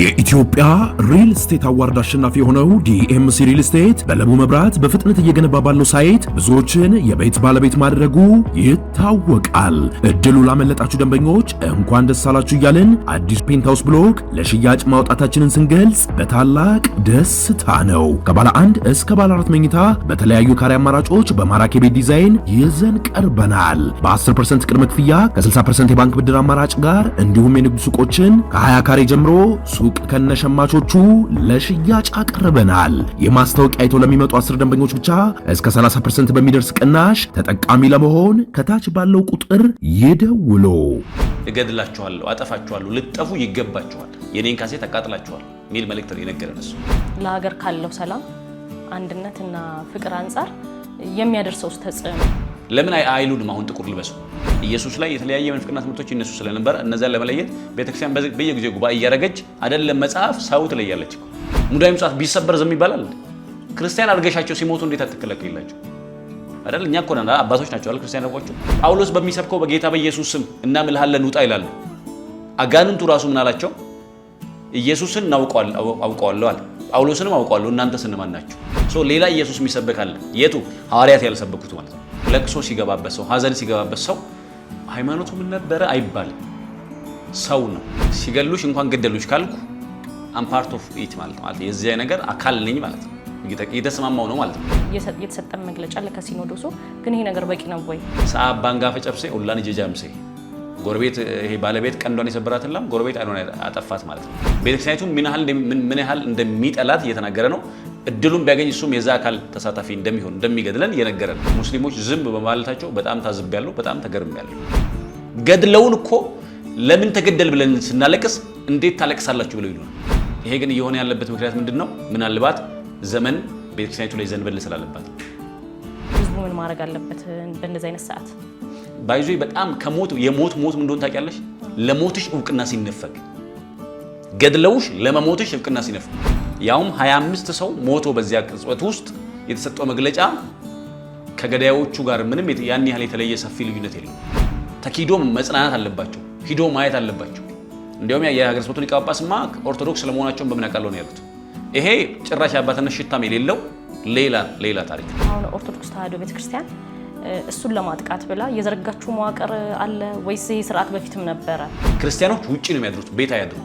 የኢትዮጵያ ሪል ስቴት አዋርድ አሸናፊ የሆነው ዲኤምሲ ሪል ስቴት በለቡ መብራት በፍጥነት እየገነባ ባለው ሳይት ብዙዎችን የቤት ባለቤት ማድረጉ ይታወቃል። እድሉ ላመለጣችሁ ደንበኞች እንኳን ደስ አላችሁ እያልን አዲስ ፔንታውስ ብሎክ ለሽያጭ ማውጣታችንን ስንገልጽ በታላቅ ደስታ ነው። ከባለ አንድ እስከ ባለ አራት መኝታ በተለያዩ ካሬ አማራጮች በማራኪ ቤት ዲዛይን ይዘን ቀርበናል። በ10% ቅድመ ክፍያ ከ60% የባንክ ብድር አማራጭ ጋር እንዲሁም የንግድ ሱቆችን ከ20 ካሬ ጀምሮ ሱቅ ከነሸማቾቹ ለሽያጭ አቅርበናል። የማስታወቂያ አይተው ለሚመጡ አስር ደንበኞች ብቻ እስከ 30% በሚደርስ ቅናሽ ተጠቃሚ ለመሆን ከታች ባለው ቁጥር ይደውሉ። እገድላችኋለሁ፣ አጠፋችኋለሁ፣ ልጠፉ ይገባችኋል፣ የኔን ካሴት አቃጥላችኋል ሚል መልእክት ነው የነገረን እሱ ለሀገር ካለው ሰላም አንድነትና ፍቅር አንጻር የሚያደርሰው ተጽዕኖ ለምን አይሉንም? አሁን ጥቁር ልበሱ ኢየሱስ ላይ የተለያየ ምንፍቅና ትምህርቶች ይነሱ ስለነበረ እነዚያን ለመለየት ቤተክርስቲያን በየጊዜው ጉባኤ እያደረገች አይደለም። መጽሐፍ ሰው ትለያለች። ሙዳይ ምጽዋት ቢሰበር ዝም ይባላል? ክርስቲያን አድርገሻቸው ሲሞቱ እንዴት አትከለክላቸው? አይደል? እኛ እኮ ነን አባቶች ናቸው አይደል? ክርስቲያን ያልኳቸው ጳውሎስ በሚሰብከው በጌታ በኢየሱስ ስም እናምልሃለን ውጣ ይላሉ። አጋንንቱ ራሱ ምን አላቸው? ኢየሱስን አውቀዋለሁ አለ። ጳውሎስንም አውቀዋለሁ እናንተ ስንማን ናችሁ? ሌላ ኢየሱስ የሚሰብክ አለ። የቱ ሐዋርያት ያልሰበኩት ማለት ነው። ለቅሶ ሲገባበት ሰው፣ ሀዘን ሲገባበት ሰው ሃይማኖቱ ምን ነበረ አይባልም። ሰው ነው። ሲገሉሽ እንኳን ገደሉሽ ካልኩ አምፓርት ኦፍ ኢት ማለት ማለት የዚያ ነገር አካል ነኝ ማለት ነው። የተስማማው ነው ማለት ነው። የተሰጠ መግለጫ ለከሲኖዶሱ ግን ይሄ ነገር በቂ ነው ወይ ሰአ ባንጋፈ ጨብሴ ኦላን ጀጃምሴ ጎረቤት ይሄ ባለቤት ቀንዷን የሰበራት ላም ጎረቤት አይኗን አጠፋት ማለት ነው። ቤተክርስቲያኒቱም ምን ያህል እንደሚጠላት እየተናገረ ነው። እድሉን ቢያገኝ እሱም የዛ አካል ተሳታፊ እንደሚሆን እንደሚገድለን እየነገረ ነው። ሙስሊሞች ዝም በማለታቸው በጣም ታዝቤያለሁ፣ በጣም ተገርሜያለሁ። ገድለውን እኮ ለምን ተገደል ብለን ስናለቅስ እንዴት ታለቅሳላችሁ ብለው ይሉ። ይሄ ግን እየሆነ ያለበት ምክንያት ምንድን ነው? ምናልባት ዘመን ቤተክርስቲያኒቱ ላይ ዘንበል ስላለባት ህዝቡ ምን ማድረግ አለበት በእንደዚህ አይነት ሰዓት ባይዞ በጣም ከሞት የሞት ሞት እንደሆን እንደሆነ ታውቂያለሽ? ለሞትሽ እውቅና ሲነፈግ ገድለውሽ ለመሞትሽ እውቅና ሲነፈግ ያውም 25 ሰው ሞቶ በዚያ ቅጽበት ውስጥ የተሰጠው መግለጫ ከገዳዮቹ ጋር ምንም ያን ያህል የተለየ ሰፊ ልዩነት የለም። ተኪዶም መጽናናት አለባቸው፣ ሂዶ ማየት አለባቸው። እንዲሁም የሀገረ ስብከቱ ሊቀ ጳጳስማ ኦርቶዶክስ ለመሆናቸውን በምን አውቃለሁ ነው ያሉት። ይሄ ጭራሽ አባትነት ሽታም የሌለው ሌላ ሌላ ታሪክ አሁን ኦርቶዶክስ ተዋህዶ ቤተክርስቲያን እሱን ለማጥቃት ብላ የዘረጋችሁ መዋቅር አለ ወይስ ይህ ስርዓት በፊትም ነበረ? ክርስቲያኖች ውጭ ነው የሚያድሩት፣ ቤት አያድሩ።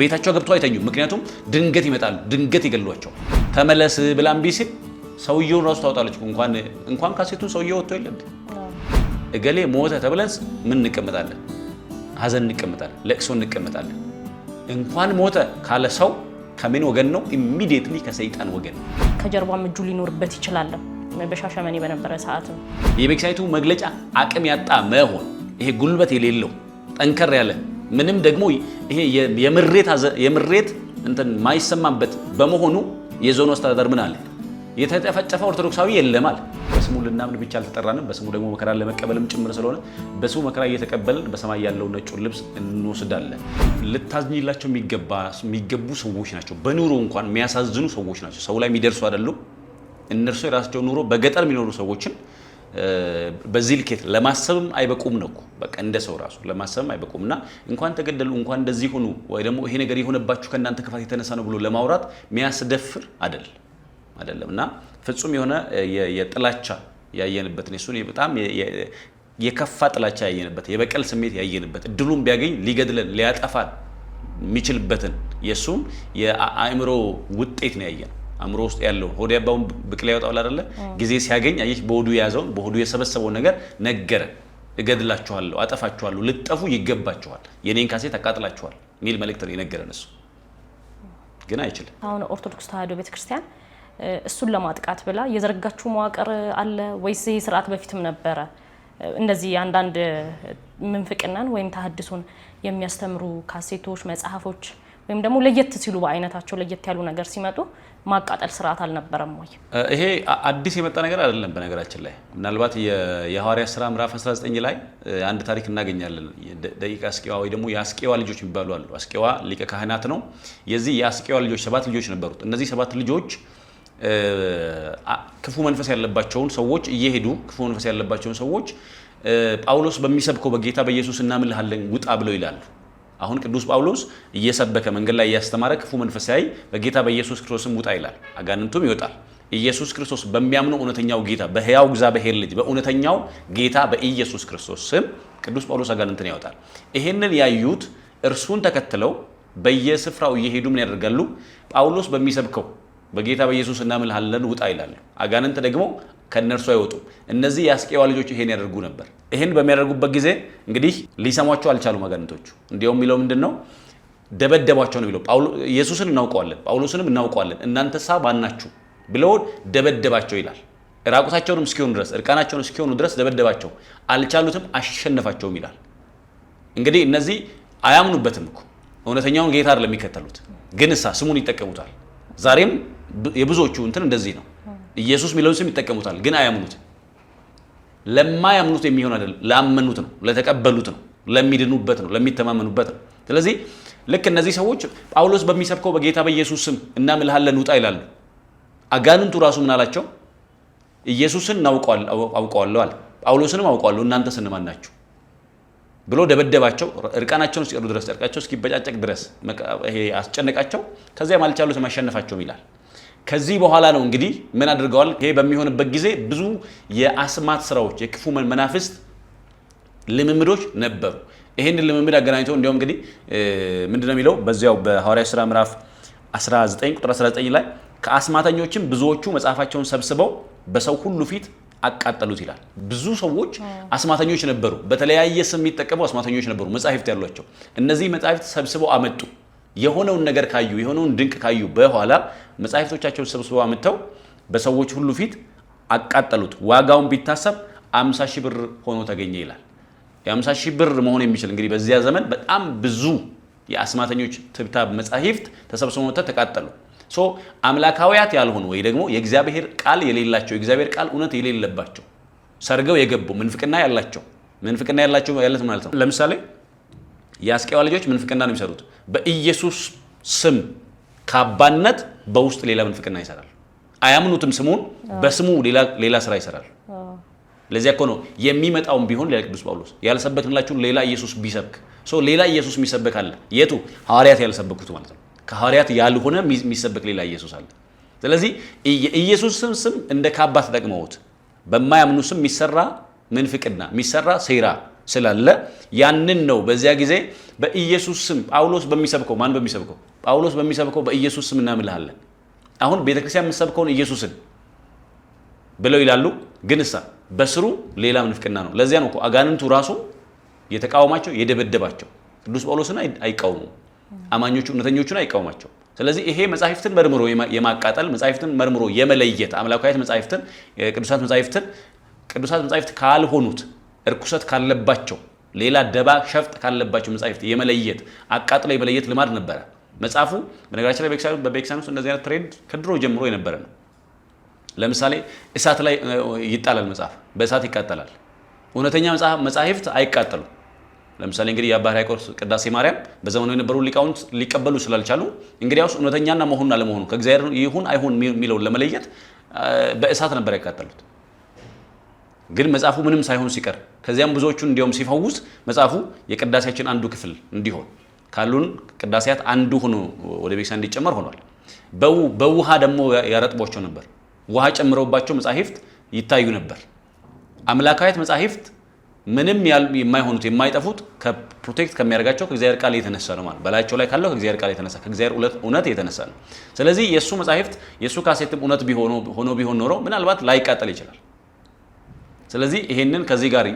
ቤታቸው ገብተው አይተኙም። ምክንያቱም ድንገት ይመጣሉ፣ ድንገት ይገሏቸው። ተመለስ ብላ እምቢ ሲል ሰውየውን ራሱ ታወጣለች። እንኳን እንኳን ካሴቱ ሰውየው ወጥቶ የለም እገሌ ሞተ ተብለን ምን እንቀመጣለን? ሀዘን እንቀመጣለን፣ ለቅሶ እንቀመጣለን። እንኳን ሞተ ካለ ሰው ከምን ወገን ነው? ኢሚዲየትሊ ከሰይጣን ወገን። ከጀርባም እጁ ሊኖርበት ይችላል። በሻሸመኔ በነበረ ነው። የቤክሳይቱ መግለጫ አቅም ያጣ መሆን ይሄ ጉልበት የሌለው ጠንከር ያለ ምንም ደግሞ ይሄ የምሬት እንትን ማይሰማበት በመሆኑ የዞኑ አስተዳደር ምን አለ የተጨፈጨፈ ኦርቶዶክሳዊ የለማል በስሙ ልናምን ብቻ አልተጠራንም፣ በስሙ ደግሞ መከራ ለመቀበልም ጭምር ስለሆነ በስሙ መከራ እየተቀበልን በሰማይ ያለው ነጩ ልብስ እንወስዳለን። ልታዝኝላቸው የሚገቡ ሰዎች ናቸው። በኑሮ እንኳን የሚያሳዝኑ ሰዎች ናቸው። ሰው ላይ የሚደርሱ አይደሉም። እነርሱ የራሳቸው ኑሮ በገጠር የሚኖሩ ሰዎችን በዚህ ልኬት ለማሰብም አይበቁም ነው። በቃ እንደ ሰው ራሱ ለማሰብም አይበቁም እና እንኳን ተገደሉ እንኳን እንደዚህ ሆኑ ወይ ደግሞ ይሄ ነገር የሆነባችሁ ከእናንተ ክፋት የተነሳ ነው ብሎ ለማውራት የሚያስደፍር አደል አደለም እና ፍጹም የሆነ የጥላቻ ያየንበት እሱን በጣም የከፋ ጥላቻ ያየንበት የበቀል ስሜት ያየንበት እድሉን ቢያገኝ ሊገድለን ሊያጠፋን የሚችልበትን የእሱም የአእምሮ ውጤት ነው ያየነው። አእምሮ ውስጥ ያለው ሆድ ያባውን ብቅ ላይ ያወጣዋል አይደለ? ጊዜ ሲያገኝ አየህ፣ በሆዱ የያዘውን በሆዱ የሰበሰበውን ነገር ነገረ። እገድላችኋለሁ፣ አጠፋችኋለሁ፣ ልጠፉ ይገባችኋል፣ የኔን ካሴት አቃጥላችኋል የሚል መልእክት ነው የነገረን። እሱ ግን አይችልም። አሁን ኦርቶዶክስ ተዋህዶ ቤተክርስቲያን እሱን ለማጥቃት ብላ የዘረጋችሁ መዋቅር አለ ወይስ ይህ ስርዓት በፊትም ነበረ? እንደዚህ አንዳንድ ምንፍቅናን ወይም ተሀድሶን የሚያስተምሩ ካሴቶች፣ መጽሐፎች ወይም ደግሞ ለየት ሲሉ በአይነታቸው ለየት ያሉ ነገር ሲመጡ ማቃጠል ስርዓት አልነበረም ወይ? ይሄ አዲስ የመጣ ነገር አይደለም። በነገራችን ላይ ምናልባት የሐዋርያት ስራ ምዕራፍ 19 ላይ አንድ ታሪክ እናገኛለን። ደቂቀ አስቄዋ ወይ ደግሞ የአስቄዋ ልጆች የሚባሉ አሉ። አስቄዋ ሊቀ ካህናት ነው። የዚህ የአስቄዋ ልጆች ሰባት ልጆች ነበሩት። እነዚህ ሰባት ልጆች ክፉ መንፈስ ያለባቸውን ሰዎች እየሄዱ ክፉ መንፈስ ያለባቸውን ሰዎች ጳውሎስ በሚሰብከው በጌታ በኢየሱስ እናምልሃለን ውጣ ብለው ይላሉ። አሁን ቅዱስ ጳውሎስ እየሰበከ መንገድ ላይ እያስተማረ ክፉ መንፈስ ሲያይ በጌታ በኢየሱስ ክርስቶስም ውጣ ይላል፣ አጋንንቱም ይወጣል። ኢየሱስ ክርስቶስ በሚያምነው እውነተኛው ጌታ በሕያው እግዚአብሔር ልጅ በእውነተኛው ጌታ በኢየሱስ ክርስቶስ ስም ቅዱስ ጳውሎስ አጋንንትን ያወጣል። ይሄንን ያዩት እርሱን ተከትለው በየስፍራው እየሄዱ ምን ያደርጋሉ? ጳውሎስ በሚሰብከው በጌታ በኢየሱስ እናምልሃለን ውጣ ይላሉ። አጋንንት ደግሞ ከእነርሱ አይወጡም። እነዚህ የአስቄዋ ልጆች ይሄን ያደርጉ ነበር። ይሄን በሚያደርጉበት ጊዜ እንግዲህ ሊሰሟቸው አልቻሉም አጋንንቶቹ። እንዲያውም የሚለው ምንድን ነው? ደበደቧቸው ነው የሚለው። ኢየሱስን እናውቀዋለን፣ ጳውሎስንም እናውቀዋለን፣ እናንተ ሳ ባናችሁ ብለው ደበደባቸው ይላል። ራቁታቸውንም እስኪሆኑ ድረስ እርቃናቸውን እስኪሆኑ ድረስ ደበደባቸው፣ አልቻሉትም፣ አሸነፋቸውም ይላል። እንግዲህ እነዚህ አያምኑበትም እኮ እውነተኛውን ጌታ አይደለም የሚከተሉት፣ ግን ሳ ስሙን ይጠቀሙታል። ዛሬም የብዙዎቹ እንትን እንደዚህ ነው። ኢየሱስ የሚለውን ስም ይጠቀሙታል፣ ግን አያምኑት። ለማያምኑት የሚሆን አይደለም፣ ላመኑት ነው፣ ለተቀበሉት ነው፣ ለሚድኑበት ነው፣ ለሚተማመኑበት ነው። ስለዚህ ልክ እነዚህ ሰዎች ጳውሎስ በሚሰብከው በጌታ በኢየሱስ ስም እናምልሃለን ውጣ ይላሉ። አጋንንቱ ራሱ ምን አላቸው? ኢየሱስን አውቀዋለሁ አለ፣ ጳውሎስንም አውቀዋለሁ፣ እናንተ ስንማን ናችሁ ብሎ ደበደባቸው። እርቃናቸውን እስኪቀሩ ድረስ ጨርቃቸው እስኪበጫጨቅ ድረስ አስጨነቃቸው። ከዚያም አልቻሉትም፣ አሸነፋቸውም ይላል። ከዚህ በኋላ ነው እንግዲህ ምን አድርገዋል? ይሄ በሚሆንበት ጊዜ ብዙ የአስማት ስራዎች፣ የክፉ መናፍስት ልምምዶች ነበሩ። ይህን ልምምድ አገናኝተው እንዲሁም እንግዲህ ነው የሚለው በዚያው በሐዋርያ ስራ ምዕራፍ 19 ቁጥር 19 ላይ ከአስማተኞችም ብዙዎቹ መጽሐፋቸውን ሰብስበው በሰው ሁሉ ፊት አቃጠሉት ይላል። ብዙ ሰዎች አስማተኞች ነበሩ። በተለያየ ስም የሚጠቀሙ አስማተኞች ነበሩ፣ መጽሐፍት ያሏቸው። እነዚህ መጽሐፍት ሰብስበው አመጡ። የሆነውን ነገር ካዩ የሆነውን ድንቅ ካዩ በኋላ መጻሕፍቶቻቸውን ሰብስበው አምጥተው በሰዎች ሁሉ ፊት አቃጠሉት። ዋጋውን ቢታሰብ አምሳ ሺህ ብር ሆኖ ተገኘ ይላል። የአምሳ ሺህ ብር መሆን የሚችል እንግዲህ በዚያ ዘመን በጣም ብዙ የአስማተኞች ትብታብ መጻሕፍት ተሰብስበው መጥተው ተቃጠሉ። ሶ አምላካውያት ያልሆኑ ወይ ደግሞ የእግዚአብሔር ቃል የሌላቸው የእግዚአብሔር ቃል እውነት የሌለባቸው ሰርገው የገቡ ምንፍቅና ያላቸው ምንፍቅና ያላቸው ማለት ነው። ለምሳሌ የአስቄዋ ልጆች ምንፍቅና ነው የሚሰሩት። በኢየሱስ ስም ካባነት በውስጥ ሌላ ምንፍቅና ይሰራል። አያምኑትም ስሙን፣ በስሙ ሌላ ስራ ይሰራል። ለዚያ እኮ ነው የሚመጣውም ቢሆን ሌላ ቅዱስ ጳውሎስ ያልሰበክንላችሁን ሌላ ኢየሱስ ቢሰብክ ሌላ ኢየሱስ የሚሰበክ አለ። የቱ ሐዋርያት ያልሰበኩት ማለት ነው። ከሐዋርያት ያልሆነ የሚሰበክ ሌላ ኢየሱስ አለ። ስለዚህ የኢየሱስ ስም እንደ ካባ ተጠቅመውት በማያምኑ ስም የሚሰራ ምንፍቅና የሚሰራ ሴራ ስላለ ያንን ነው በዚያ ጊዜ በኢየሱስ ስም ጳውሎስ በሚሰብከው ማን በሚሰብከው ጳውሎስ በሚሰብከው በኢየሱስ ስም እናምልሃለን። አሁን ቤተክርስቲያን የምትሰብከውን ኢየሱስን ብለው ይላሉ። ግን እሳ በስሩ ሌላ ምንፍቅና ነው። ለዚያ ነው አጋንንቱ ራሱ የተቃወማቸው የደበደባቸው። ቅዱስ ጳውሎስን አይቃወሙም፣ አማኞቹ እውነተኞቹን አይቃወማቸው። ስለዚህ ይሄ መጻሕፍትን መርምሮ የማቃጠል መጻሕፍትን መርምሮ የመለየት አምላካዊት መጻሕፍትን ቅዱሳት መጻሕፍትን ቅዱሳት መጻሕፍት ካልሆኑት እርኩሰት ካለባቸው ሌላ ደባ ሸፍጥ ካለባቸው መጻሕፍት የመለየት አቃጥሎ የመለየት ልማድ ነበረ። መጽሐፉ በነገራችን ላይ በቤተክርስቲያን ውስጥ እንደዚህ አይነት ትሬንድ ከድሮ ጀምሮ የነበረ ነው። ለምሳሌ እሳት ላይ ይጣላል መጽሐፍ፣ በእሳት ይቃጠላል። እውነተኛ መጻሕፍት አይቃጠሉም። ለምሳሌ እንግዲህ የአባ ሕርያቆስ ቅዳሴ ማርያም በዘመኑ የነበሩ ሊቃውንት ሊቀበሉ ስላልቻሉ እንግዲያውስ እውነተኛና መሆኑን አለመሆኑ ከእግዚአብሔር ይሁን አይሁን የሚለውን ለመለየት በእሳት ነበር ያቃጠሉት። ግን መጽሐፉ ምንም ሳይሆን ሲቀር ከዚያም ብዙዎቹን እንዲያውም ሲፈውስ መጽሐፉ የቅዳሴያችን አንዱ ክፍል እንዲሆን ካሉን ቅዳሴያት አንዱ ሆኖ ወደ ቤክሳ እንዲጨመር ሆኗል። በውሃ ደግሞ ያረጥቧቸው ነበር። ውሃ ጨምረውባቸው መጻሕፍት ይታዩ ነበር። አምላካዊት መጻሕፍት ምንም የማይሆኑት የማይጠፉት ከፕሮቴክት ከሚያደርጋቸው ከእግዚአብሔር ቃል የተነሳ ነው ማለት በላያቸው ላይ ካለው ከእግዚአብሔር ቃል የተነሳ ከእግዚአብሔር እውነት የተነሳ ነው። ስለዚህ የእሱ መጻሕፍት የእሱ ካሴትም እውነት ሆኖ ቢሆን ኖሮ ምናልባት ላይቃጠል ይችላል። ስለዚህ ይሄንን ከዚህ ጋር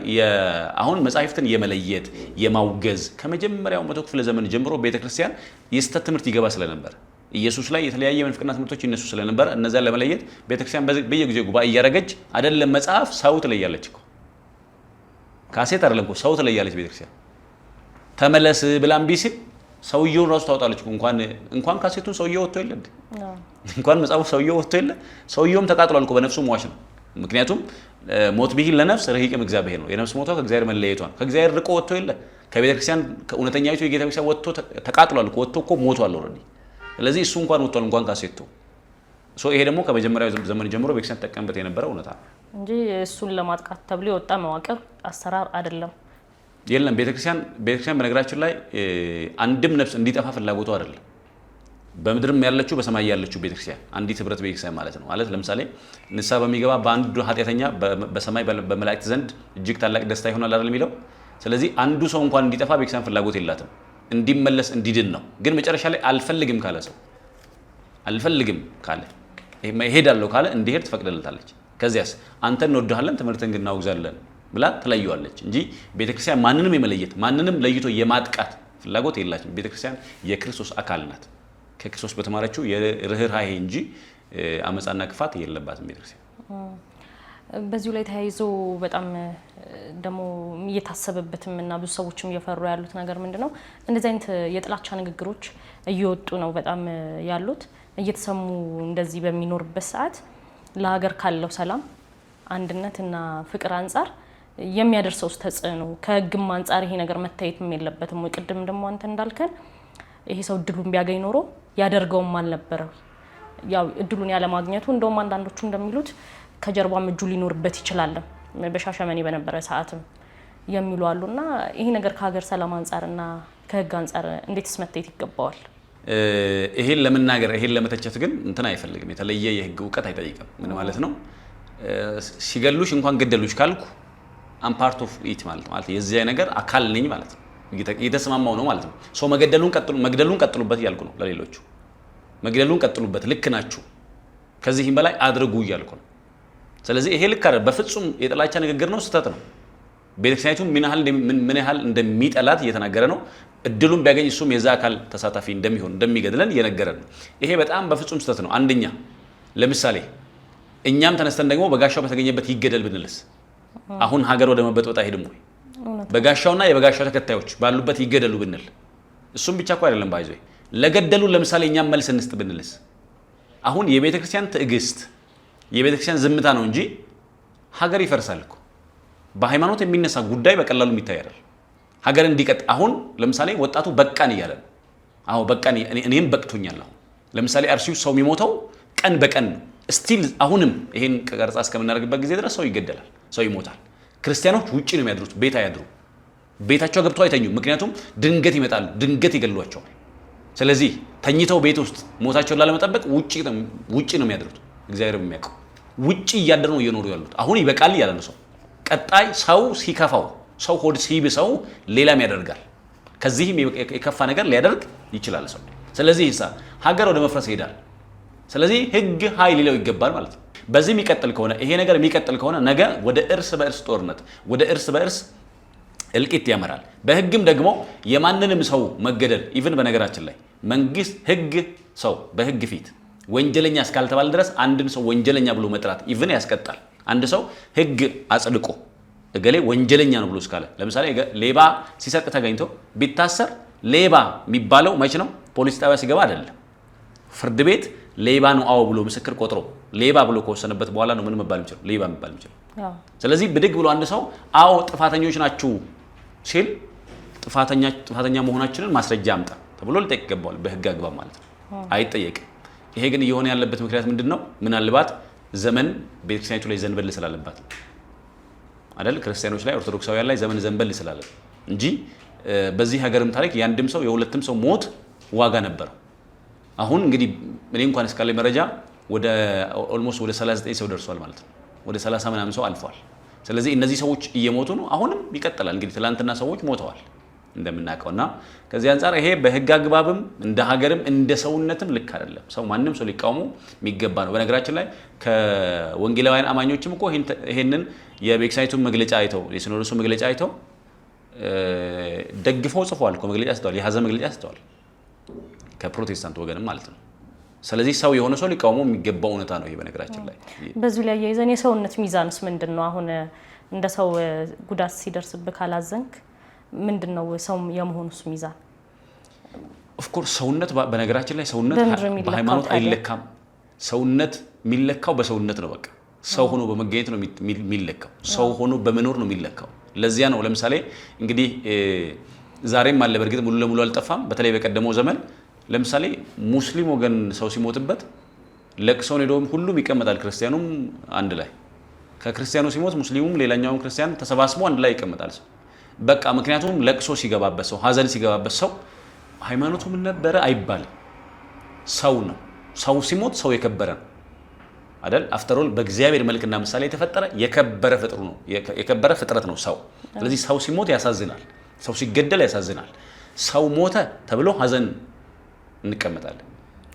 አሁን መጻሕፍትን የመለየት የማውገዝ ከመጀመሪያው መቶ ክፍለ ዘመን ጀምሮ ቤተክርስቲያን የስተት ትምህርት ይገባ ስለነበር ኢየሱስ ላይ የተለያየ መንፍቅና ትምህርቶች ይነሱ ስለነበር እነዛን ለመለየት ቤተክርስቲያን በየጊዜው ጉባኤ እያደረገች አይደለም መጽሐፍ ሰው ትለያለች እኮ ካሴት አይደለም ሰው ትለያለች ቤተክርስቲያን ተመለስ ብላ እምቢ ሲል ሰውየውን ራሱ ታወጣለች። እንኳን እንኳን ካሴቱን ሰውየው ወጥቶ የለ እንኳን መጽሐፉ ሰውየው ወጥቶ የለ ሰውየውም ተቃጥሏል እኮ በነፍሱ መዋሽ ነው። ምክንያቱም ሞት ብሂል ለነፍስ ረቂቅም እግዚአብሔር ነው። የነፍስ ሞቷ ከእግዚአብሔር መለየቷ ነው። ከእግዚአብሔር ርቆ ወጥቶ የለ ከቤተክርስቲያን ክርስቲያን ከእውነተኛዊቱ የጌታ ወጥቶ ተቃጥሏል። ወጥቶ እኮ ሞቷል ኦልሬዲ። ስለዚህ እሱ እንኳን ወጥቷል፣ እንኳን ካሴቶ። ይሄ ደግሞ ከመጀመሪያ ዘመን ጀምሮ ቤተክርስቲያን ተጠቀምበት የነበረ እውነታ ነው እንጂ እሱን ለማጥቃት ተብሎ የወጣ መዋቅር አሰራር አይደለም። የለም ቤተክርስቲያን፣ በነገራችን ላይ አንድም ነፍስ እንዲጠፋ ፍላጎቱ አይደለም። በምድርም ያለችው በሰማይ ያለችው ቤተክርስቲያን አንዲት ህብረት ቤተክርስቲያን ማለት ነው። ማለት ለምሳሌ ንሳ በሚገባ በአንዱ ኃጢአተኛ በሰማይ በመላእክት ዘንድ እጅግ ታላቅ ደስታ ይሆናል አይደል የሚለው። ስለዚህ አንዱ ሰው እንኳን እንዲጠፋ ቤተክርስቲያን ፍላጎት የላትም፣ እንዲመለስ እንዲድን ነው። ግን መጨረሻ ላይ አልፈልግም ካለ ሰው አልፈልግም ካለ እሄዳለሁ ካለ እንዲሄድ ትፈቅድለታለች። ከዚያስ አንተ እንወድሃለን ትምህርትን ግን እናውግዛለን ብላ ትለየዋለች እንጂ ቤተክርስቲያን ማንንም የመለየት ማንንም ለይቶ የማጥቃት ፍላጎት የላችም። ቤተክርስቲያን የክርስቶስ አካል ናት። ከክርስቶስ በተማረችው የርህራሄ እንጂ አመፃና ክፋት የለባትም ቤተክርስቲያን። በዚሁ ላይ ተያይዞ በጣም ደግሞ እየታሰበበትም እና ብዙ ሰዎችም እየፈሩ ያሉት ነገር ምንድን ነው? እንደዚህ አይነት የጥላቻ ንግግሮች እየወጡ ነው በጣም ያሉት እየተሰሙ እንደዚህ በሚኖርበት ሰዓት ለሀገር ካለው ሰላም አንድነት እና ፍቅር አንጻር የሚያደርሰውስ ተጽዕኖ ከህግም አንጻር ይሄ ነገር መታየትም የለበትም ወይ? ቅድም ደግሞ አንተ እንዳልከን ይሄ ሰው እድሉን ቢያገኝ ኖሮ ያደርገውም አልነበረም። ያው እድሉን ያለማግኘቱ እንደውም አንዳንዶቹ እንደሚሉት ከጀርባም እጁ ሊኖርበት ይችላል በሻሸመኔ በነበረ ሰዓትም የሚሉ አሉና ይሄ ነገር ከሀገር ሰላም አንጻርና ከህግ አንጻር እንዴትስ መታየት ይገባዋል? ይሄን ለመናገር ይሄን ለመተቸት ግን እንትን አይፈልግም። የተለየ የህግ እውቀት አይጠይቅም። ምን ማለት ነው? ሲገሉሽ እንኳን ገደሉሽ ካልኩ አም ፓርት ኦፍ ኢት ማለት ማለት የዚያ ነገር አካል ነኝ ማለት ነው። እየተስማማው ነው ማለት ነው። ሰው መገደሉን ቀጥሉ መግደሉን ቀጥሉበት እያልኩ ነው። ለሌሎቹ መግደሉን ቀጥሉበት፣ ልክ ናችሁ፣ ከዚህም በላይ አድርጉ እያልኩ ነው። ስለዚህ ይሄ ልክ አይደለም፣ በፍጹም የጥላቻ ንግግር ነው፣ ስህተት ነው። ቤተክርስቲያኒቱ ምን ያህል እንደሚጠላት እየተናገረ ነው። እድሉን ቢያገኝ እሱም የዛ አካል ተሳታፊ እንደሚሆን እንደሚገድለን እየነገረን ነው። ይሄ በጣም በፍጹም ስህተት ነው። አንደኛ ለምሳሌ እኛም ተነስተን ደግሞ በጋሻው በተገኘበት ይገደል ብንልስ አሁን ሀገር ወደ መበጥበጥ አይሄድም ወይ? በጋሻውና የበጋሻው ተከታዮች ባሉበት ይገደሉ ብንል እሱም ብቻ እኮ አይደለም ባይዞ ለገደሉ ለምሳሌ እኛም መልስ እንስጥ ብንልስ አሁን የቤተ ክርስቲያን ትዕግስት የቤተ ክርስቲያን ዝምታ ነው እንጂ ሀገር ይፈርሳል እኮ በሃይማኖት የሚነሳ ጉዳይ በቀላሉ የሚታይ አይደል ሀገር እንዲቀጥ አሁን ለምሳሌ ወጣቱ በቃን እያለ ነው አዎ በቃን እኔም በቅቶኛል አሁን ለምሳሌ አርሲው ሰው የሚሞተው ቀን በቀን ነው ስቲል አሁንም ይሄን ቀርጻ እስከምናደርግበት ጊዜ ድረስ ሰው ይገደላል ሰው ይሞታል ክርስቲያኖች ውጭ ነው የሚያድሩት፣ ቤት አያድሩ። ቤታቸው ገብተው አይተኙ። ምክንያቱም ድንገት ይመጣሉ፣ ድንገት ይገሏቸዋል። ስለዚህ ተኝተው ቤት ውስጥ ሞታቸውን ላለመጠበቅ ውጭ ነው የሚያድሩት። እግዚአብሔር የሚያውቀው ውጭ እያደር ነው እየኖሩ ያሉት። አሁን ይበቃል እያለ ነው ሰው። ቀጣይ ሰው ሲከፋው፣ ሰው ሆድ ሲብሰው ሌላም ያደርጋል። ከዚህም የከፋ ነገር ሊያደርግ ይችላል ሰው። ስለዚህ ሀገር ወደ መፍረስ ይሄዳል። ስለዚህ ህግ ኃይል ሊለው ይገባል ማለት ነው። በዚህ የሚቀጥል ከሆነ ይሄ ነገር የሚቀጥል ከሆነ ነገ ወደ እርስ በእርስ ጦርነት ወደ እርስ በእርስ እልቂት ያመራል። በህግም ደግሞ የማንንም ሰው መገደል ኢቭን በነገራችን ላይ መንግስት ህግ ሰው በህግ ፊት ወንጀለኛ እስካልተባለ ድረስ አንድን ሰው ወንጀለኛ ብሎ መጥራት ኢቭን ያስቀጣል። አንድ ሰው ህግ አጽድቆ እገሌ ወንጀለኛ ነው ብሎ እስካለ ለምሳሌ ሌባ ሲሰርቅ ተገኝቶ ቢታሰር ሌባ የሚባለው መች ነው? ፖሊስ ጣቢያ ሲገባ አይደለም። ፍርድ ቤት ሌባ ነው አዎ ብሎ ምስክር ቆጥሮ ሌባ ብሎ ከወሰነበት በኋላ ነው ምን መባል የሚችለው ሌባ መባል የሚችለው። ስለዚህ ብድግ ብሎ አንድ ሰው አዎ ጥፋተኞች ናችሁ ሲል ጥፋተኛ መሆናችንን ማስረጃ አምጣ ተብሎ ሊጠይቅ ይገባዋል፣ በህግ አግባብ ማለት ነው። አይጠየቅም። ይሄ ግን እየሆነ ያለበት ምክንያት ምንድን ነው? ምናልባት ዘመን ቤተክርስቲያኒቱ ላይ ዘንበል ስላለባት አይደል? ክርስቲያኖች ላይ ኦርቶዶክሳውያን ላይ ዘመን ዘንበል ስላለ እንጂ በዚህ ሀገርም ታሪክ የአንድም ሰው የሁለትም ሰው ሞት ዋጋ ነበረው። አሁን እንግዲህ እኔ እንኳን እስካለ መረጃ ወደ ኦልሞስት ወደ 39 ሰው ደርሷል ማለት ነው። ወደ 30 ምናምን ሰው አልፏል። ስለዚህ እነዚህ ሰዎች እየሞቱ ነው። አሁንም ይቀጥላል። እንግዲህ ትላንትና ሰዎች ሞተዋል እንደምናውቀው እና ከዚህ አንጻር ይሄ በህግ አግባብም እንደ ሀገርም እንደ ሰውነትም ልክ አይደለም። ሰው ማንም ሰው ሊቃውሙ የሚገባ ነው። በነገራችን ላይ ከወንጌላውያን አማኞችም እኮ ይሄንን የቤክሳይቱን መግለጫ አይተው የሲኖዶሱ መግለጫ አይተው ደግፈው ጽፏል እኮ መግለጫ ስተዋል፣ የሀዘን መግለጫ ስተዋል ከፕሮቴስታንት ወገንም ማለት ነው። ስለዚህ ሰው የሆነ ሰው ሊቃውሞ የሚገባው እውነታ ነው ይሄ። በነገራችን ላይ በዚሁ ላይ አያይዘን የሰውነት ሚዛንስ ምንድን ነው? አሁን እንደ ሰው ጉዳት ሲደርስብህ ካላዘንክ ምንድን ነው ሰው የመሆኑስ ሚዛን? ኦፍኮርስ ሰውነት በነገራችን ላይ ሰውነት በሃይማኖት አይለካም። ሰውነት የሚለካው በሰውነት ነው። በቃ ሰው ሆኖ በመገኘት ነው የሚለካው። ሰው ሆኖ በመኖር ነው የሚለካው። ለዚያ ነው ለምሳሌ እንግዲህ ዛሬም አለ። በእርግጥ ሙሉ ለሙሉ አልጠፋም። በተለይ በቀደመው ዘመን ለምሳሌ ሙስሊም ወገን ሰው ሲሞትበት ለቅሶውን ሄደውም ሁሉም ይቀመጣል፣ ክርስቲያኑም አንድ ላይ ከክርስቲያኑ ሲሞት ሙስሊሙም ሌላኛውም ክርስቲያን ተሰባስቦ አንድ ላይ ይቀመጣል። ሰው በቃ ምክንያቱም ለቅሶ ሲገባበት ሰው ሀዘን ሲገባበት ሰው ሃይማኖቱ ምን ነበረ አይባልም። ሰው ነው። ሰው ሲሞት ሰው የከበረ ነው አይደል? አፍተሮል በእግዚአብሔር መልክና ምሳሌ የተፈጠረ የከበረ ፍጥሩ ነው የከበረ ፍጥረት ነው ሰው። ስለዚህ ሰው ሲሞት ያሳዝናል። ሰው ሲገደል ያሳዝናል። ሰው ሞተ ተብሎ ሀዘን እንቀመጣለን።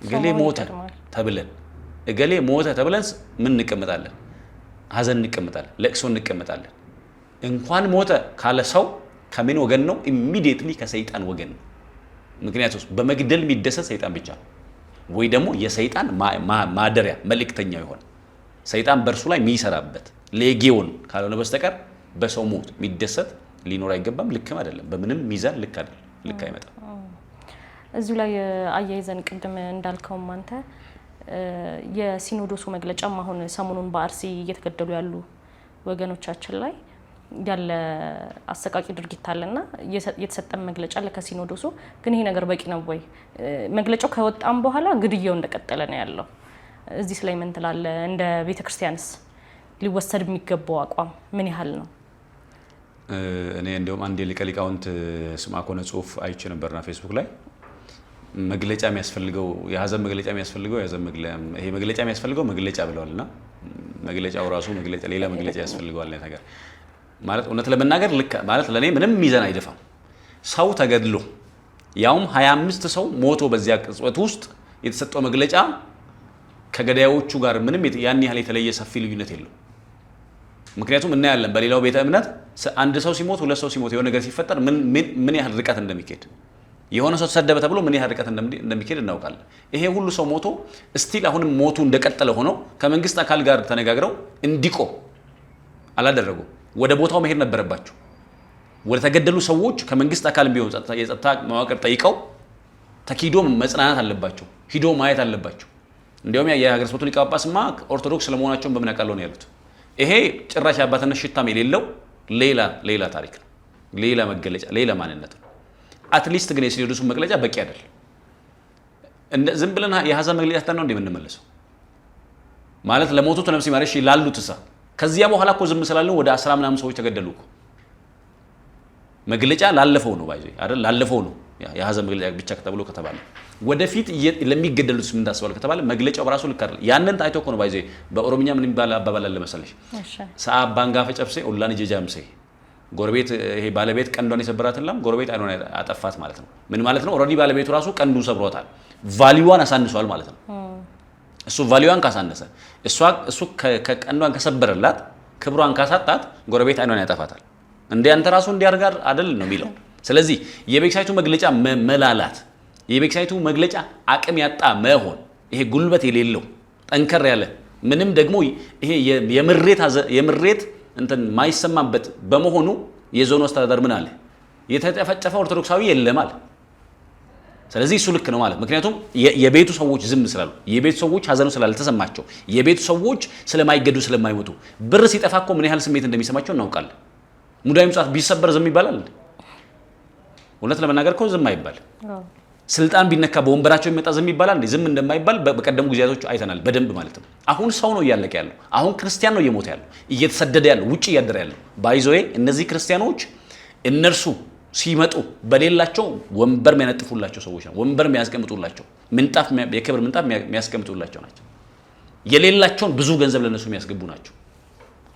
እገሌ ሞተ ተብለን እገሌ ሞተ ተብለን ምን እንቀመጣለን? ሀዘን እንቀመጣለን፣ ለቅሶ እንቀመጣለን። እንኳን ሞተ ካለ ሰው ከምን ወገን ነው? ኢሚዲየትሊ ከሰይጣን ወገን ነው። ምክንያቱ በመግደል የሚደሰት ሰይጣን ብቻ ነው፣ ወይ ደግሞ የሰይጣን ማደሪያ መልእክተኛው ይሆን ሰይጣን በእርሱ ላይ የሚሰራበት ሌጌውን ካልሆነ በስተቀር በሰው ሞት የሚደሰት ሊኖር አይገባም። ልክም አይደለም። በምንም ሚዛን ልክ አይመጣም። እዚሁ ላይ አያይዘን ቅድም እንዳልከውም አንተ የሲኖዶሱ መግለጫም አሁን ሰሞኑን በአርሲ እየተገደሉ ያሉ ወገኖቻችን ላይ ያለ አሰቃቂ ድርጊት አለና የተሰጠን መግለጫ አለ ከሲኖዶሱ። ግን ይሄ ነገር በቂ ነው ወይ? መግለጫው ከወጣም በኋላ ግድያው እንደቀጠለ ነው ያለው። እዚህ ስላይ ምን ትላለህ? እንደ ቤተ ክርስቲያንስ ሊወሰድ የሚገባው አቋም ምን ያህል ነው? እኔ እንዲሁም አንድ የሊቀ ሊቃውንት ስምዐኮነ ጽሁፍ አይቼ ነበርና ፌስቡክ ላይ መግለጫ የሚያስፈልገው የሀዘን መግለጫ የሚያስፈልገው የሀዘን ይሄ መግለጫ የሚያስፈልገው መግለጫ ብለዋል እና መግለጫው ራሱ መግለጫ ሌላ መግለጫ ያስፈልገዋል ነገር ማለት እውነት ለመናገር ልክ ማለት ለእኔ ምንም ሚዘን አይደፋም። ሰው ተገድሎ ያውም አምስት ሰው ሞቶ በዚያ ቅጽበት ውስጥ የተሰጠው መግለጫ ከገዳዮቹ ጋር ምንም ያን ያህል የተለየ ሰፊ ልዩነት የለው። ምክንያቱም እናያለን በሌላው ቤተ እምነት አንድ ሰው ሲሞት፣ ሁለት ሰው ሲሞት፣ የሆነ ነገር ሲፈጠር ምን ያህል ርቀት እንደሚካሄድ የሆነ ሰው ተሰደበ ተብሎ ምን ያህል ርቀት እንደሚኬድ እናውቃለን። ይሄ ሁሉ ሰው ሞቶ እስቲል አሁንም ሞቱ እንደቀጠለ ሆኖ ከመንግስት አካል ጋር ተነጋግረው እንዲቆም አላደረጉ። ወደ ቦታው መሄድ ነበረባቸው። ወደ ተገደሉ ሰዎች ከመንግስት አካል ቢሆን የጸጥታ መዋቅር ጠይቀው ተኪዶ መጽናናት አለባቸው። ሂዶ ማየት አለባቸው። እንዲሁም የሀገረ ስብከቱ ሊቀ ጳጳስማ ኦርቶዶክስ ስለመሆናቸውን በምን ያውቃለሁ ነው ያሉት። ይሄ ጭራሽ አባትነት ሽታም የሌለው ሌላ ሌላ ታሪክ ነው። ሌላ መገለጫ፣ ሌላ ማንነት ነው። አትሊስት ግን የሲኖዶሱ መግለጫ በቂ አይደለም። ዝም ብለን የሀዘን መግለጫ ትተን ነው እንዲ የምንመለሰው ማለት ለሞቱት ነፍስ ይማር እሺ ላሉት እሳ ከዚያ በኋላ እኮ ዝም ስላለን ወደ አስራ ምናምን ሰዎች ተገደሉ እኮ መግለጫ ላለፈው ነው ባይዘ አይደል ላለፈው ነው የሀዘን መግለጫ ብቻ ከተብሎ ከተባለ ወደፊት ለሚገደሉት ምን ታስባል ከተባለ መግለጫው በራሱ ልክ አይደለም። ያንን ታይቶ እኮ ነው ባይዘ በኦሮምኛ ምን የሚባል አባባል አለ መሰለሽ ሰአ ባንጋፈ ጨብሴ ኦላን ጀጃምሴ ጎረቤት ይሄ ባለቤት ቀንዷን የሰበራት ላም ጎረቤት አይኗን አጠፋት ማለት ነው። ምን ማለት ነው? ኦልሬዲ ባለቤቱ ራሱ ቀንዱን ሰብሮታል። ቫሊዋን አሳንሷል ማለት ነው። እሱ ቫሊዋን ካሳነሰ እሱ ቀንዷን ከሰበረላት ክብሯን ካሳጣት ጎረቤት አይኗን ያጠፋታል። እንደ አንተ ራሱ እንዲያርጋር አደል ነው የሚለው። ስለዚህ የቤክሳይቱ መግለጫ መላላት፣ የቤክሳይቱ መግለጫ አቅም ያጣ መሆን፣ ይሄ ጉልበት የሌለው ጠንከር ያለ ምንም ደግሞ ይሄ የምሬት እንትን ማይሰማበት በመሆኑ የዞኑ አስተዳደር ምን አለ የተጨፈጨፈ ኦርቶዶክሳዊ የለም አለ። ስለዚህ እሱ ልክ ነው ማለት ምክንያቱም የቤቱ ሰዎች ዝም ስላሉ፣ የቤቱ ሰዎች ሀዘኑ ስላልተሰማቸው፣ የቤቱ ሰዎች ስለማይገዱ ስለማይሞቱ፣ ብር ሲጠፋ እኮ ምን ያህል ስሜት እንደሚሰማቸው እናውቃለን። ሙዳይ ምጽዋት ቢሰበር ዝም ይባላል? እውነት ለመናገር እኮ ዝም አይባል። ስልጣን ቢነካ በወንበራቸው የሚመጣ ዝም ይባላል። ዝም እንደማይባል በቀደሙ ጊዜያቶች አይተናል በደንብ ማለት ነው። አሁን ሰው ነው እያለቀ ያለው። አሁን ክርስቲያን ነው እየሞተ ያለው፣ እየተሰደደ ያለው፣ ውጭ እያደረ ያለው። ባይዘዌ እነዚህ ክርስቲያኖች እነርሱ ሲመጡ በሌላቸው ወንበር የሚያነጥፉላቸው ሰዎች ናቸው። ወንበር የሚያስቀምጡላቸው ምንጣፍ፣ የክብር ምንጣፍ የሚያስቀምጡላቸው ናቸው። የሌላቸውን ብዙ ገንዘብ ለነሱ የሚያስገቡ ናቸው።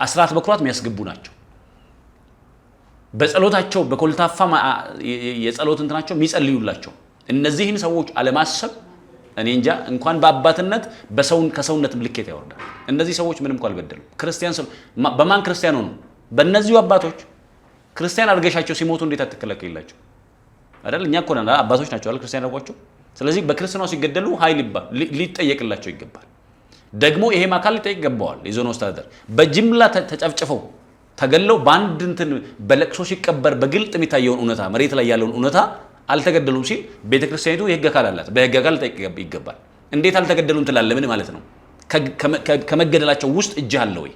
አስራት በኩራት የሚያስገቡ ናቸው። በጸሎታቸው በኮልታፋ የጸሎት እንትናቸው የሚጸልዩላቸው እነዚህን ሰዎች አለማሰብ እኔ እንጃ እንኳን በአባትነት በሰውን ከሰውነት ልኬት ያወርዳል። እነዚህ ሰዎች ምንም እንኳን አልበደሉም። ክርስቲያን በማን ክርስቲያን ሆኑ? በእነዚሁ አባቶች ክርስቲያን አድርገሻቸው ሲሞቱ እንዴት አትከለክልላቸው? አይደል? እኛ እኮ ነን አባቶች ናቸው አይደል? ክርስቲያን አድርጓቸው። ስለዚህ በክርስትናው ሲገደሉ ሀይል ሊጠየቅላቸው ይገባል። ደግሞ ይሄም አካል ሊጠየቅ ይገባዋል። የዞን አስተዳደር በጅምላ ተጨፍጭፈው ተገለው በአንድ እንትን በለቅሶ ሲቀበር በግልጥ የሚታየውን እውነታ መሬት ላይ ያለውን እውነታ አልተገደሉም ሲል ቤተ ክርስቲያኒቱ የህግ አካል አላት። በህግ አካል ልጠይቅ ይገባል። እንዴት አልተገደሉም ትላለ? ምን ማለት ነው? ከመገደላቸው ውስጥ እጅ አለ ወይ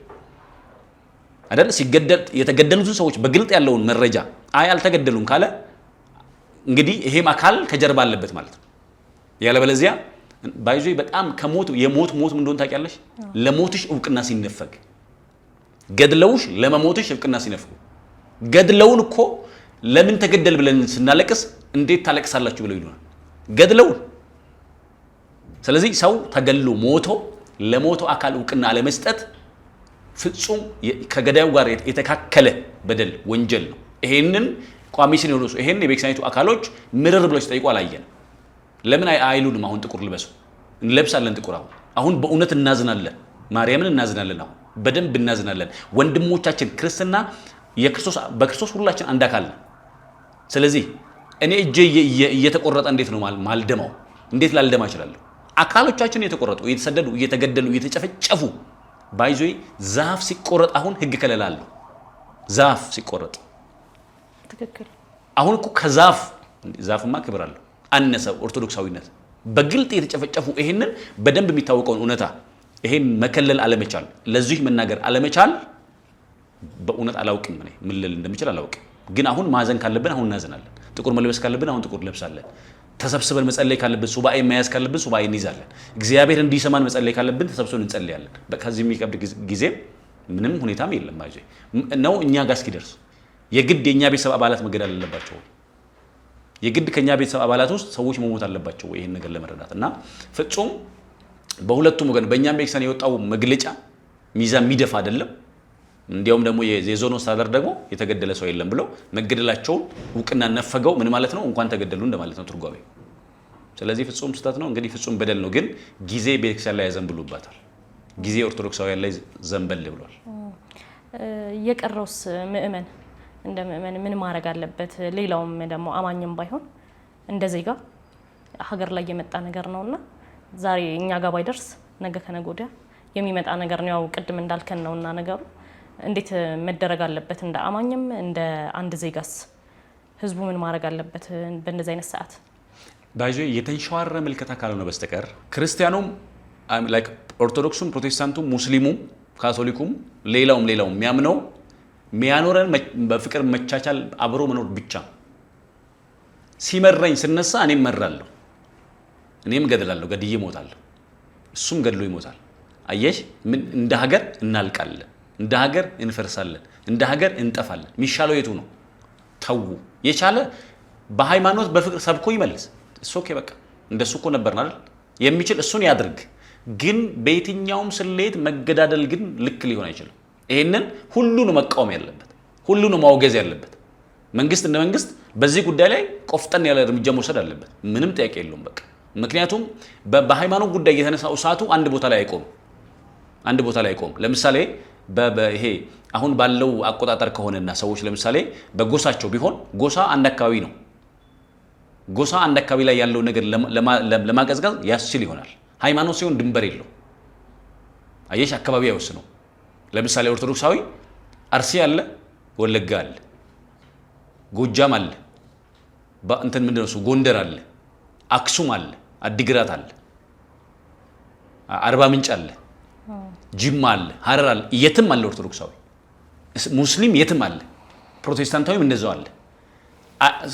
አይደል? ሲገደል የተገደሉትን ሰዎች በግልጥ ያለውን መረጃ አይ አልተገደሉም ካለ እንግዲህ ይሄም አካል ከጀርባ አለበት ማለት ነው። ያለበለዚያ ባይዞ በጣም ከሞት የሞት ሞት እንደሆን እንደሆነ ታውቂያለሽ? ለሞትሽ እውቅና ሲነፈግ ገድለውሽ ለመሞትሽ እውቅና ሲነፍጉ ገድለውን እኮ ለምን ተገደል ብለን ስናለቅስ እንዴት ታለቅሳላችሁ ብለው ይሉናል። ገድለውን። ስለዚህ ሰው ተገሎ ሞቶ ለሞቶ አካል እውቅና ለመስጠት ፍጹም ከገዳዩ ጋር የተካከለ በደል ወንጀል ነው። ይሄንን ቋሚ ሲኖዶሱ ይሄን የቤክሳኒቱ አካሎች ምርር ብለው ሲጠይቁ አላየንም። ለምን አይሉንም? አሁን ጥቁር ልበሱ እንለብሳለን። ጥቁር አሁን አሁን በእውነት እናዝናለን፣ ማርያምን እናዝናለን፣ አሁን በደንብ እናዝናለን። ወንድሞቻችን ክርስትና በክርስቶስ ሁላችን አንድ አካል ነው። ስለዚህ እኔ እጄ እየተቆረጠ እንዴት ነው ማልደማው? እንዴት ላልደማ እችላለሁ? አካሎቻችን እየተቆረጡ እየተሰደዱ እየተገደሉ እየተጨፈጨፉ ባይዞይ ዛፍ ሲቆረጥ አሁን ህግ ከለላ አለው። ዛፍ ሲቆረጥ አሁን እኮ ከዛፍ ዛፍማ ክብር አለው አነሰው ኦርቶዶክሳዊነት በግልጥ የተጨፈጨፉ ይሄንን በደንብ የሚታወቀውን እውነታ ይሄን መከለል አለመቻል፣ ለዚህ መናገር አለመቻል በእውነት አላውቅም። ምን ልል እንደምችል አላውቅም። ግን አሁን ማዘን ካለብን አሁን እናዘናለን። ጥቁር መልበስ ካለብን አሁን ጥቁር ለብሳለን። ተሰብስበን መጸለይ ካለብን ሱባኤ መያዝ ካለብን ሱባኤ እንይዛለን። እግዚአብሔር እንዲሰማን መጸለይ ካለብን ተሰብስበን እንጸለያለን። ከዚህ የሚቀብድ ጊዜም ምንም ሁኔታም የለም። አይ ነው እኛ ጋር እስኪደርስ የግድ የእኛ ቤተሰብ አባላት መገደል አለባቸው። የግድ ከእኛ ቤተሰብ አባላት ውስጥ ሰዎች መሞት አለባቸው። ይህን ነገር ለመረዳት እና ፍጹም በሁለቱም ወገን በእኛም ቤተሰብ የወጣው መግለጫ ሚዛን የሚደፋ አይደለም። እንዲያውም ደግሞ የዞኑ አስተዳደር ደግሞ የተገደለ ሰው የለም ብለው መገደላቸውን እውቅና ነፈገው። ምን ማለት ነው? እንኳን ተገደሉ እንደማለት ነው ትርጓሜ። ስለዚህ ፍጹም ስህተት ነው፣ እንግዲህ ፍጹም በደል ነው። ግን ጊዜ ቤተክርስቲያን ላይ ያዘንብሉባታል። ጊዜ ኦርቶዶክሳውያን ላይ ዘንበል ብሏል። የቀረውስ ምእመን እንደ ምእመን ምን ማድረግ አለበት? ሌላውም ደግሞ አማኝም ባይሆን እንደ ዜጋ ሀገር ላይ የመጣ ነገር ነውና ዛሬ እኛ ጋር ባይደርስ ነገ ከነገ ወዲያ የሚመጣ ነገር ነው። ያው ቅድም እንዳልከን እና ነገሩ እንዴት መደረግ አለበት? እንደ አማኝም እንደ አንድ ዜጋስ ህዝቡ ምን ማድረግ አለበት? በእንደዚህ አይነት ሰዓት ባይዞ የተንሸዋረ ምልከታ ካልሆነ በስተቀር ክርስቲያኑም ኦርቶዶክሱም፣ ፕሮቴስታንቱም፣ ሙስሊሙም፣ ካቶሊኩም ሌላውም ሌላውም የሚያምነው ሚያኖረን በፍቅር መቻቻል፣ አብሮ መኖር ብቻ ሲመረኝ ስነሳ እኔም መራለሁ፣ እኔም ገድላለሁ፣ ገድዬ ይሞታለሁ እሱም ገድሎ ይሞታል። አየሽ ምን እንደ ሀገር እናልቃለን። እንደ ሀገር እንፈርሳለን፣ እንደ ሀገር እንጠፋለን። የሚሻለው የቱ ነው? ተዉ። የቻለ በሃይማኖት በፍቅር ሰብኮ ይመልስ። እሱ ኦኬ በቃ እንደሱ እኮ ነበርን አይደል? የሚችል እሱን ያድርግ። ግን በየትኛውም ስሌት መገዳደል ግን ልክ ሊሆን አይችልም። ይህንን ሁሉን መቃወም ያለበት፣ ሁሉ ማውገዝ ያለበት። መንግስት እንደ መንግስት በዚህ ጉዳይ ላይ ቆፍጠን ያለ እርምጃ መውሰድ አለበት። ምንም ጥያቄ የለውም በቃ ምክንያቱም በሃይማኖት ጉዳይ የተነሳው እሳቱ አንድ ቦታ ላይ አይቆም፣ አንድ ቦታ ላይ አይቆም። ለምሳሌ ይሄ አሁን ባለው አቆጣጠር ከሆነና ሰዎች ለምሳሌ በጎሳቸው ቢሆን ጎሳ አንድ አካባቢ ነው። ጎሳ አንድ አካባቢ ላይ ያለው ነገር ለማቀዝቀዝ ያስችል ይሆናል። ሃይማኖት ሲሆን ድንበር የለው። አየሽ፣ አካባቢ አይወስነው። ለምሳሌ ኦርቶዶክሳዊ አርሲ አለ፣ ወለጋ አለ፣ ጎጃም አለ፣ እንትን ምንድን ነው እሱ ጎንደር አለ፣ አክሱም አለ፣ አዲግራት አለ፣ አርባ ምንጭ አለ ጅማ አለ፣ ሀረር አለ፣ የትም አለ። ኦርቶዶክሳዊ ሙስሊም የትም አለ፣ ፕሮቴስታንታዊም እንደዛው አለ።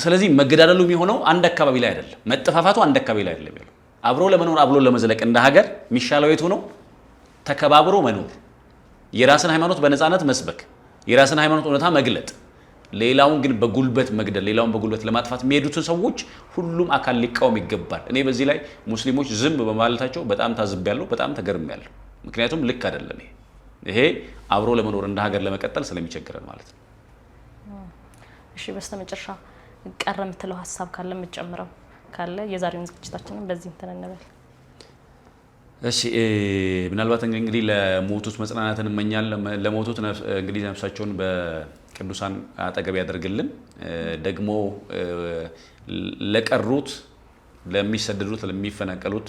ስለዚህ መገዳደሉ የሚሆነው አንድ አካባቢ ላይ አይደለም፣ መጠፋፋቱ አንድ አካባቢ ላይ አይደለም። ያለው አብሮ ለመኖር አብሮ ለመዝለቅ እንደ ሀገር የሚሻለው የቱ ነው? ተከባብሮ መኖር፣ የራስን ሃይማኖት በነፃነት መስበክ፣ የራስን ሃይማኖት እውነታ መግለጥ፣ ሌላውን ግን በጉልበት መግደል፣ ሌላውን በጉልበት ለማጥፋት የሚሄዱትን ሰዎች ሁሉም አካል ሊቃወም ይገባል። እኔ በዚህ ላይ ሙስሊሞች ዝም በማለታቸው በጣም ታዝቤያለሁ፣ በጣም ተገርሜያለሁ። ምክንያቱም ልክ አይደለም። ይሄ አብሮ ለመኖር እንደ ሀገር ለመቀጠል ስለሚቸግረን ማለት ነው። እሺ፣ በስተመጨረሻ ቀረ የምትለው ሀሳብ ካለ የምትጨምረው ካለ የዛሬውን ዝግጅታችንን በዚህ እንትን እንበል። እሺ ምናልባት እንግዲህ ለሞቱት መጽናናትን እመኛል። ለሞቱት እንግዲህ ነፍሳቸውን በቅዱሳን አጠገብ ያደርግልን። ደግሞ ለቀሩት ለሚሰደዱት፣ ለሚፈናቀሉት፣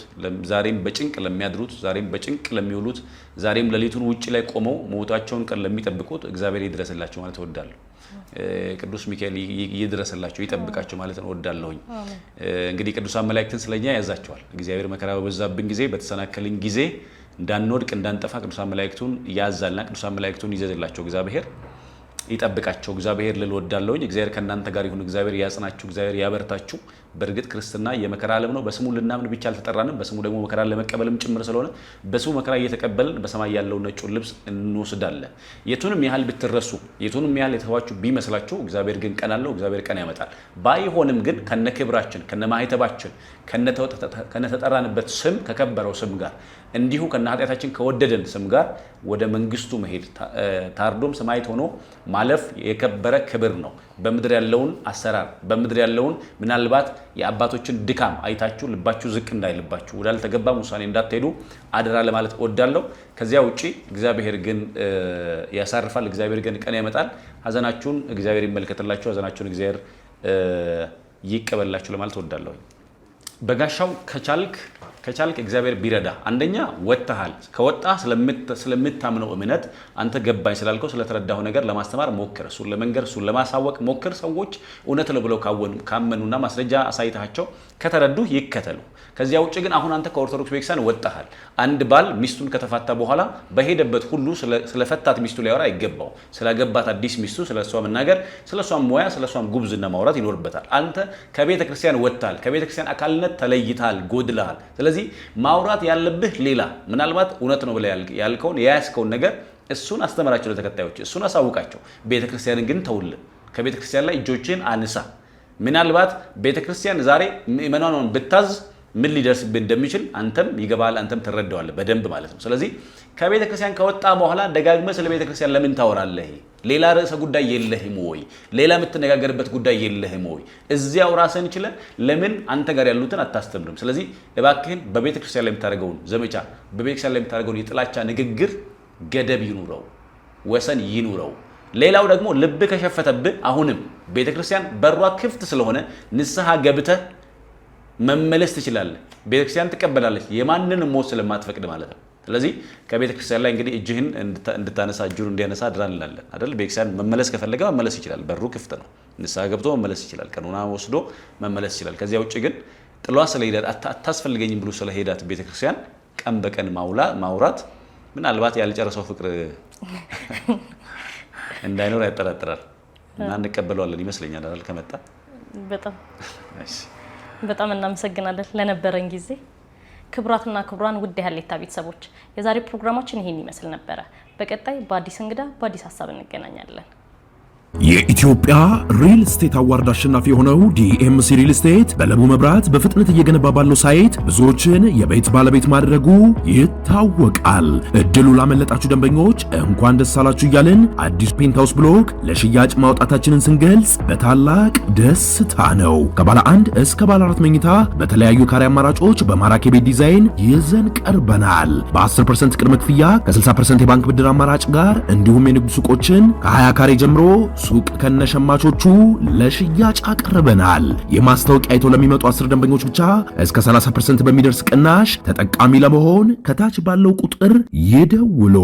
ዛሬም በጭንቅ ለሚያድሩት፣ ዛሬም በጭንቅ ለሚውሉት፣ ዛሬም ሌሊቱን ውጭ ላይ ቆመው መውጣቸውን ቀን ለሚጠብቁት እግዚአብሔር ይድረስላቸው ማለት እወዳለሁ። ቅዱስ ሚካኤል ይድረስላቸው፣ ይጠብቃቸው ማለት እወዳለሁኝ። እንግዲህ ቅዱሳን መላእክትን ስለኛ ያዛቸዋል። እግዚአብሔር መከራ በበዛብን ጊዜ፣ በተሰናከልን ጊዜ እንዳንወድቅ እንዳንጠፋ ቅዱሳን መላእክቱን ያዛልና ቅዱሳን መላእክቱን ይዘዝላቸው እግዚአብሔር ይጠብቃቸው። እግዚአብሔር ልል ወዳለውኝ እግዚአብሔር ከእናንተ ጋር ይሁን። እግዚአብሔር ያጽናችሁ፣ እግዚአብሔር ያበርታችሁ። በእርግጥ ክርስትና የመከራ ዓለም ነው። በስሙ ልናምን ብቻ አልተጠራንም፣ በስሙ ደግሞ መከራን ለመቀበልም ጭምር ስለሆነ በስሙ መከራ እየተቀበልን በሰማይ ያለው ነጩን ልብስ እንወስዳለን። የቱንም ያህል ብትረሱ፣ የቱንም ያህል የተዋችሁ ቢመስላችሁ፣ እግዚአብሔር ግን ቀን አለው። እግዚአብሔር ቀን ያመጣል። ባይሆንም ግን ከነ ክብራችን ከነ ማህተባችን ከነተጠራንበት ስም ከከበረው ስም ጋር እንዲሁ ከነ ኃጢአታችን ከወደደን ስም ጋር ወደ መንግስቱ መሄድ ታርዶም ሰማዕት ሆኖ ማለፍ የከበረ ክብር ነው። በምድር ያለውን አሰራር በምድር ያለውን ምናልባት የአባቶችን ድካም አይታችሁ ልባችሁ ዝቅ እንዳይልባችሁ ወዳልተገባም ውሳኔ እንዳትሄዱ አደራ ለማለት እወዳለሁ። ከዚያ ውጭ እግዚአብሔር ግን ያሳርፋል። እግዚአብሔር ግን ቀን ያመጣል። ሀዘናችሁን እግዚአብሔር ይመልከትላችሁ። ሀዘናችሁን እግዚአብሔር ይቀበላችሁ ለማለት እወዳለሁ። በጋሻው ከቻልክ ከቻልክ እግዚአብሔር ቢረዳ አንደኛ ወጥተሃል። ከወጣ ስለምታምነው እምነት አንተ ገባኝ ስላልከው ስለተረዳሁ ነገር ለማስተማር ሞክር፣ እሱን ለመንገር፣ እሱን ለማሳወቅ ሞክር። ሰዎች እውነት ነው ብለው ካመኑና ማስረጃ አሳይታቸው ከተረዱ ይከተሉ። ከዚያ ውጭ ግን አሁን አንተ ከኦርቶዶክስ ቤተክርስቲያን ወጥተሃል። አንድ ባል ሚስቱን ከተፋታ በኋላ በሄደበት ሁሉ ስለፈታት ሚስቱ ሊያወራ አይገባው። ስለገባት አዲስ ሚስቱ ስለሷ መናገር፣ ስለሷ እሷም ሙያ፣ ስለ እሷም ጉብዝና ማውራት ይኖርበታል። አንተ ከቤተክርስቲያን ወጥተሃል። ከቤተክርስቲያን አካልነት ተለይተሃል፣ ጎድለሃል። ስለዚህ ስለዚህ ማውራት ያለብህ ሌላ ምናልባት እውነት ነው ብለህ ያልከውን የያዝከውን ነገር እሱን አስተምራቸው ለተከታዮች፣ እሱን አሳውቃቸው። ቤተክርስቲያንን ግን ተውል ከቤተክርስቲያን ላይ እጆችን አንሳ። ምናልባት ቤተክርስቲያን ዛሬ ምዕመናን ብታዝ ምን ሊደርስብህ እንደሚችል አንተም ይገባል፣ አንተም ትረዳዋለህ በደንብ ማለት ነው። ስለዚህ ከቤተ ክርስቲያን ከወጣ በኋላ ደጋግመህ ስለ ቤተ ክርስቲያን ለምን ታወራለህ? ሌላ ርዕሰ ጉዳይ የለህም ወይ? ሌላ የምትነጋገርበት ጉዳይ የለህም ወይ? እዚያው ራስህን ችለህ ለምን አንተ ጋር ያሉትን አታስተምርም? ስለዚህ እባክህን በቤተ ክርስቲያን ላይ የምታደርገውን ዘመቻ፣ በቤተ ክርስቲያን ላይ የምታደርገውን የጥላቻ ንግግር ገደብ ይኑረው፣ ወሰን ይኑረው። ሌላው ደግሞ ልብ ከሸፈተብህ አሁንም ቤተ ክርስቲያን በሯ ክፍት ስለሆነ ንስሐ ገብተህ መመለስ ትችላለህ። ቤተክርስቲያን ትቀበላለች፣ የማንንም ሞት ስለማትፈቅድ ማለት ነው። ስለዚህ ከቤተክርስቲያን ላይ እንግዲህ እጅህን እንድታነሳ እጁን እንዲያነሳ ድራ እንላለን አይደል? ቤተክርስቲያን መመለስ ከፈለገ መመለስ ይችላል። በሩ ክፍት ነው። ንስሐ ገብቶ መመለስ ይችላል። ቀኖና ወስዶ መመለስ ይችላል። ከዚያ ውጭ ግን ጥሏ ስለሄዳት አታስፈልገኝም ብሎ ስለሄዳት ቤተክርስቲያን ቀን በቀን ማውራት ምናልባት ያልጨረሰው ፍቅር እንዳይኖር ያጠራጥራል እና እንቀበለዋለን ይመስለኛል አይደል? ከመጣ በጣም በጣም እናመሰግናለን ለነበረን ጊዜ። ክቡራትና ክቡራን ውድ የሀሌታ ቤተሰቦች የዛሬ ፕሮግራማችን ይሄን ይመስል ነበረ። በቀጣይ በአዲስ እንግዳ በአዲስ ሀሳብ እንገናኛለን። የኢትዮጵያ ሪል ስቴት አዋርድ አሸናፊ የሆነው ዲኤምሲ ሪል ስቴት በለቡ መብራት በፍጥነት እየገነባ ባለው ሳይት ብዙዎችን የቤት ባለቤት ማድረጉ ይታወቃል። እድሉ ላመለጣችሁ ደንበኞች እንኳን ደስ አላችሁ እያልን አዲሱ ፔንታውስ ብሎክ ለሽያጭ ማውጣታችንን ስንገልጽ በታላቅ ደስታ ነው። ከባለ አንድ እስከ ባለ አራት መኝታ በተለያዩ ካሬ አማራጮች በማራኪ ቤት ዲዛይን ይዘን ቀርበናል። በ10 ቅድመ ክፍያ ከ60 የባንክ ብድር አማራጭ ጋር እንዲሁም የንግድ ሱቆችን ከ20 ካሬ ጀምሮ ሱቅ ከነሸማቾቹ ለሽያጭ አቅርበናል። የማስታወቂያ አይተው ለሚመጡ አስር ደንበኞች ብቻ እስከ 30% በሚደርስ ቅናሽ ተጠቃሚ ለመሆን ከታች ባለው ቁጥር ይደውሉ።